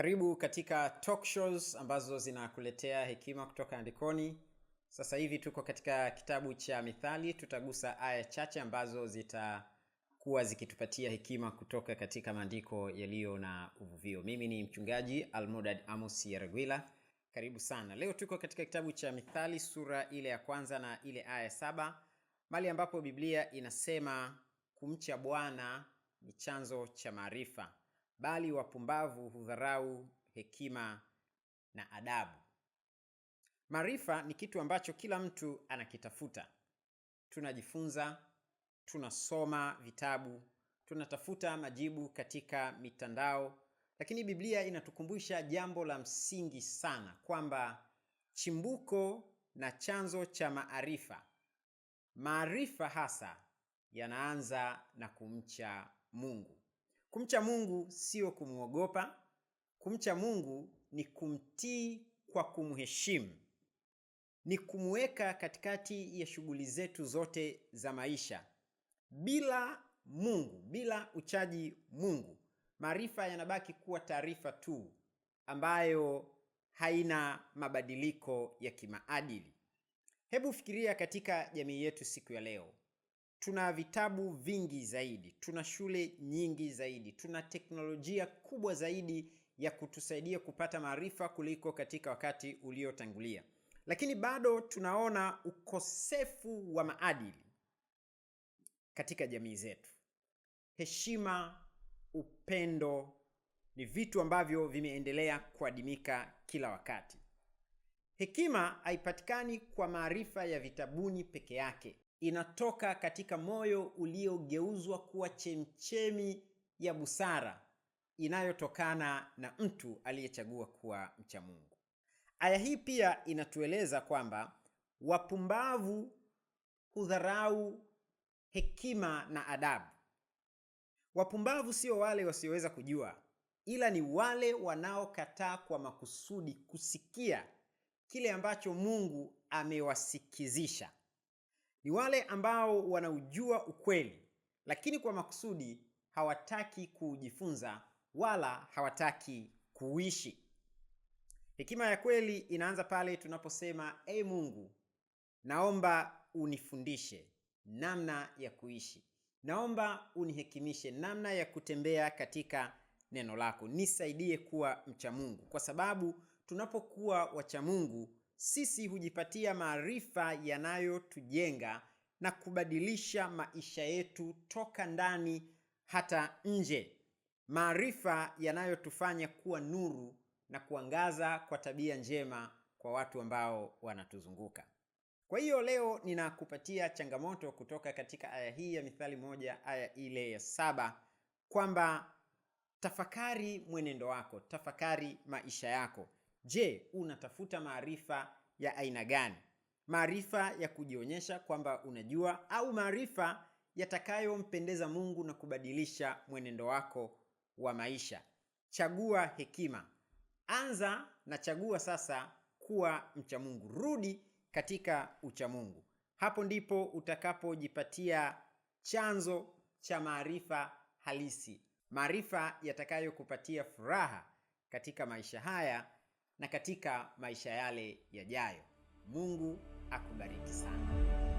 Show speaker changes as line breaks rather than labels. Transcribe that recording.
Karibu katika talk shows ambazo zinakuletea hekima kutoka andikoni. Sasa hivi tuko katika kitabu cha Mithali, tutagusa aya chache ambazo zitakuwa zikitupatia hekima kutoka katika maandiko yaliyo na uvuvio. Mimi ni mchungaji Almodad Amos yaregwila karibu sana. Leo tuko katika kitabu cha Mithali sura ile ya kwanza na ile aya saba mali ambapo Biblia inasema kumcha Bwana ni chanzo cha maarifa bali wapumbavu hudharau hekima na adabu. Maarifa ni kitu ambacho kila mtu anakitafuta. Tunajifunza, tunasoma vitabu, tunatafuta majibu katika mitandao, lakini Biblia inatukumbusha jambo la msingi sana kwamba chimbuko na chanzo cha maarifa, maarifa hasa yanaanza na kumcha Mungu. Kumcha Mungu sio kumwogopa. Kumcha Mungu ni kumtii kwa kumheshimu, ni kumweka katikati ya shughuli zetu zote za maisha. Bila Mungu, bila uchaji Mungu, maarifa yanabaki kuwa taarifa tu ambayo haina mabadiliko ya kimaadili. Hebu fikiria katika jamii yetu siku ya leo tuna vitabu vingi zaidi, tuna shule nyingi zaidi, tuna teknolojia kubwa zaidi ya kutusaidia kupata maarifa kuliko katika wakati uliotangulia, lakini bado tunaona ukosefu wa maadili katika jamii zetu. Heshima, upendo ni vitu ambavyo vimeendelea kuadimika kila wakati. Hekima haipatikani kwa maarifa ya vitabuni peke yake, inatoka katika moyo uliogeuzwa kuwa chemchemi ya busara inayotokana na mtu aliyechagua kuwa mcha Mungu. Aya hii pia inatueleza kwamba wapumbavu hudharau hekima na adabu. Wapumbavu sio wale wasioweza kujua, ila ni wale wanaokataa kwa makusudi kusikia kile ambacho Mungu amewasikizisha ni wale ambao wanaujua ukweli lakini kwa makusudi hawataki kujifunza wala hawataki kuishi hekima ya kweli inaanza pale tunaposema e mungu naomba unifundishe namna ya kuishi naomba unihekimishe namna ya kutembea katika neno lako nisaidie kuwa mcha mungu kwa sababu tunapokuwa wachamungu sisi hujipatia maarifa yanayotujenga na kubadilisha maisha yetu toka ndani hata nje, maarifa yanayotufanya kuwa nuru na kuangaza kwa tabia njema kwa watu ambao wanatuzunguka. Kwa hiyo leo ninakupatia changamoto kutoka katika aya hii ya Mithali moja aya ile ya saba kwamba tafakari mwenendo wako, tafakari maisha yako. Je, unatafuta maarifa ya aina gani? Maarifa ya kujionyesha kwamba unajua au maarifa yatakayompendeza Mungu na kubadilisha mwenendo wako wa maisha? Chagua hekima. Anza na chagua sasa kuwa mcha Mungu. Rudi katika ucha Mungu. Hapo ndipo utakapojipatia chanzo cha maarifa halisi, maarifa yatakayokupatia furaha katika maisha haya na katika maisha yale yajayo. Mungu akubariki sana.